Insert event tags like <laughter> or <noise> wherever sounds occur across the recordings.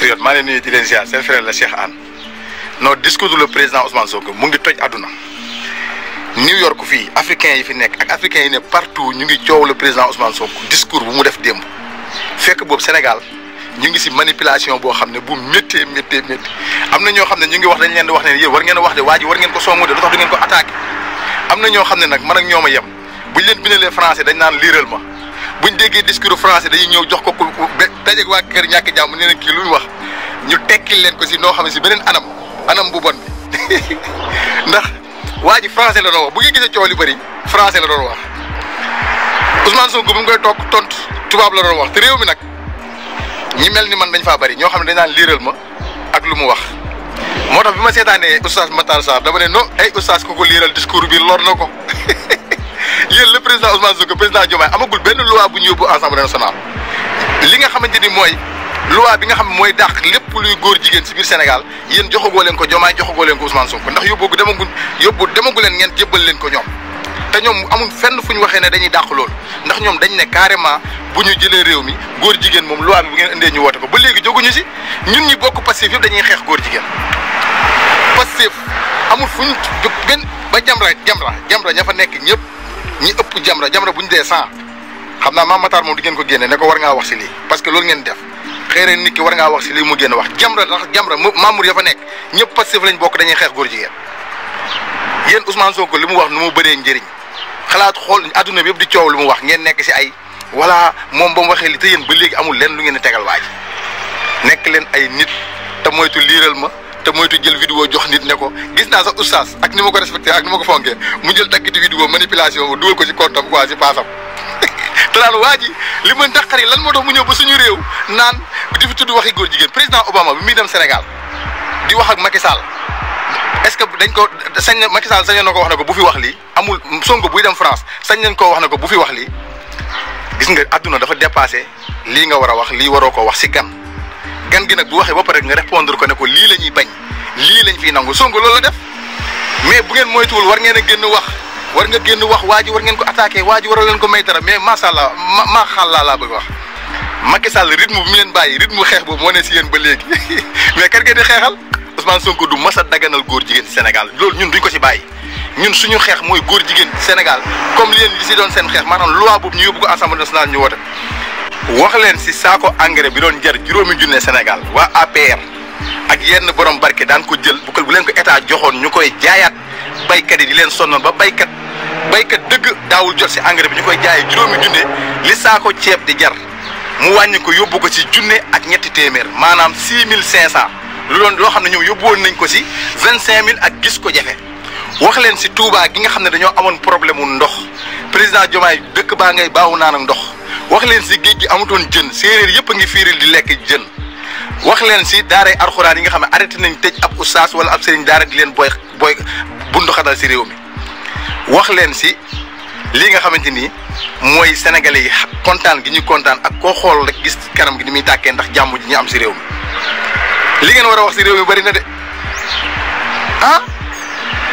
patriote maa leen nuyu di leen seen frère la Cheikh Anne non discours du le président Ousmane Sonko mu ngi toj àdduna New York fii africain yi fi nekk ak africain yi ne partout ñu ngi coow le président Ousmane Sonko discours bu mu def démb fekk boobu Sénégal ñu ngi si manipulation boo xam ne bu méttee méttee méttee am na ñoo xam ne ñu ngi wax dañ leen di wax ne yéen war ngeen waa ji war ngeen ko songu de lu tax du ngeen ko attaqué am na ñoo xam ne nag man ak ñoom a yem buñ leen bindalee français dañ naan liiral ma déggee discours français dañuy ñëw jox ko ku dajeeg waa kër ñàkk jàmm nee na kii lu ñu wax ñu tekkil leen ko si noo xam ne si beneen anam anam bu bon <laughs> ndax waa ji français la doon wax bu ngeen gisee coow lu bëri français la doon wax Ousmane Sonko bu mu koy toog tontu tubaab la doon wax te réew mi nag ñi mel ni man dañ faa bari ñoo xam ne dañ naan liiral ma ak lu mu wax. moo tax bi ma seetaanee oustaz Matar Sarr dama ne non ay oustaz ku ko liiral discours bi lor na ko. <laughs> yéen le président Ousmane Sonko président Diomaye amagul benn loi bu ñu yóbbu assemblée nationale li nga xamante ni mooy loi bi nga xam mooy dàq lépp luy góor jigéen si biir Sénégal yéen joxagoo leen ko Diomaye joxagoo leen ko Ousmane Sonko ndax yóbbu demagu yóbbu demagu leen ngeen jébbal leen ko ñoom te ñoom amul fenn fu ñu waxee ne dañuy dàq loolu ndax ñoom dañ ne carrément bu ñu jëlee réew mi góor jigéen moom loi bi bu ngeen indee ñu woote ko ba léegi jóguñu si ñun ñi bokk Pastef yëpp dañuy xeex góor jigéen Pastef amul fu ñu ba jamra jamra jamra ña fa ñëpp ñi ëpp jamra jamra buñ dee cent xam naa maam Matar moom du ngeen ko génne ne ko war ngaa wax si lii parce que loolu ngeen def xëy nit ki war ngaa wax si lii mu génn wax jamra ndax jamra mamour ya fa nekk ñëpp Pastef lañ bokk dañuy xeex góor jigéen yéen Ousmane Sonko li mu wax nu mu bëree njëriñ xalaat xool aduna bi yëpp di coow li mu wax ngeen nekk si ay wala moom ba mu waxee li te yéen ba léegi amul leen lu ngeen tegal waa ji nekk leen ay nit te moytu liiral ma te moytu jël vidéo jox nit ne ko gis naa sax oustaz ak ni ma ko respecté ak ni ma ko fonkee mu jël daggiti vidéo manipulation o dugal ko <laughs> waa ji li ma naqari lan moo tax ñëw ba suñu réew naan di fi tudd waxi góor jigéen président Obama bi muy dem Sénégal di wax ak Macky Sall est-ce que dañ ko sañ na Macky na ko wax na ko bu fi wax lii amul Sonko buy dem France sañ nañ ko wax na ko bu fi wax lii gis nga àdduna dafa dépassé lii nga war a wax lii waroo ko wax si gan. gan gi nak bu waxe ba pare nga répondre ko ne ko li lañuy bañ li lañ fi nangu songu loolu la def mais bu ngeen moytuwul war ngeen a wax war nga genn wax waji war ngeen ko attaquer waji ji war leen ko may dara mais macha allah ma ma la laa bëgg wax Macky Sall rythme bu mu len bayyi rythme xex bu mo ne ci yeen ba léegi <laughs> mais kan ngeen di xexal Ousmane Sonko du massa a daganal goor jigen ci Sénégal loolu ñun duñ ko ci bayyi ñun suñu xeex mooy góor jigéen Sénégal comme li yéen li ci doon seen xex manam loi bu ñu yóbbu ko assemblée nationale ñu wote wax leen si saako engrais bi doon jar juróomi junne Sénégal waa APR ak yenn borom barke daan ko jël bu ko bu leen ko état joxoon ñu koy jaayaat baykat yi di leen sonnoon ba baykat baykat dëgg daawul jot si engrais bi ñu koy jaaye juróomi junne li saako ceeb di jar mu wàññi ko yóbbu ko si junne ak ñetti téeméer maanaam six mille cinq cent lu doon loo xam ne ñoom yóbbu woon nañ ko si vingt cinq mille ak gis ko jafe. wax leen si Touba gi nga xam ne dañoo amoon problème mu ndox président Diomaye dëkk baa ngay baawu naan ndox. wax leen si géej gi amutoon jën séeréer yëpp a ngi fiiril di lekk jën wax leen si daaray alxuraan yi nga xam arrêté nañ tëj ab oustaz wala ab sëriñ daara di leen boy boy bunduxatal si réew mi wax leen si lii nga xamante ni mooy sénégalais yi kontaan gi ñu kontaan ak koo xool rek gis kanam gi ni muy tàkkee ndax jàmm ji ñu am si réew mi li ngeen war a wax si réew mi bari na de ah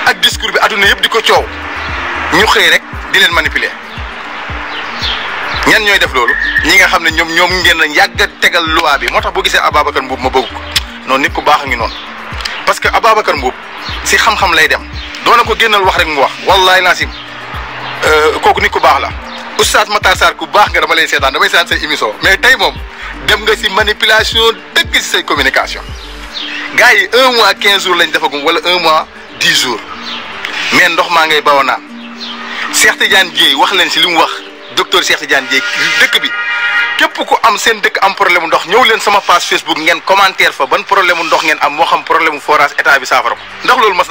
ak discours bi adduna yëpp di ko coow ñu xëy rek di leen manipuler ñan ñooy def loolu ñi nga xam ne ñoom ñoom ngeen a yàgg tegal loi bi moo tax boo gisee Ababacar Mboup ma bëgg ko noonu nit ku baax a ngi noonu parce que Ababacar Mboup si xam-xam lay dem doona ko génnal wax rek mu wax wallaay laasim euh, kooku nit ku baax la Oustaz Matar Sarr ku baax nga dama lay seetaan damay seetaan sa émission mais tey moom dem nga si manipulation dëgg say communication gars yi un mois quinze jours lañ defagum wala un mois dix jours mais ndox maa ngay bawoonaan Cheikh Tidiane Dièye wax leen si li mu wax. docteur Cheikh Tidiane Dièye dëkk bi képp ku am seen dëkk am problème ndox ñëw leen sama page Facebook ngeen commentaire fa ban problème ndox ngeen am moo xam problème forage état bi saafara ndax loolu mas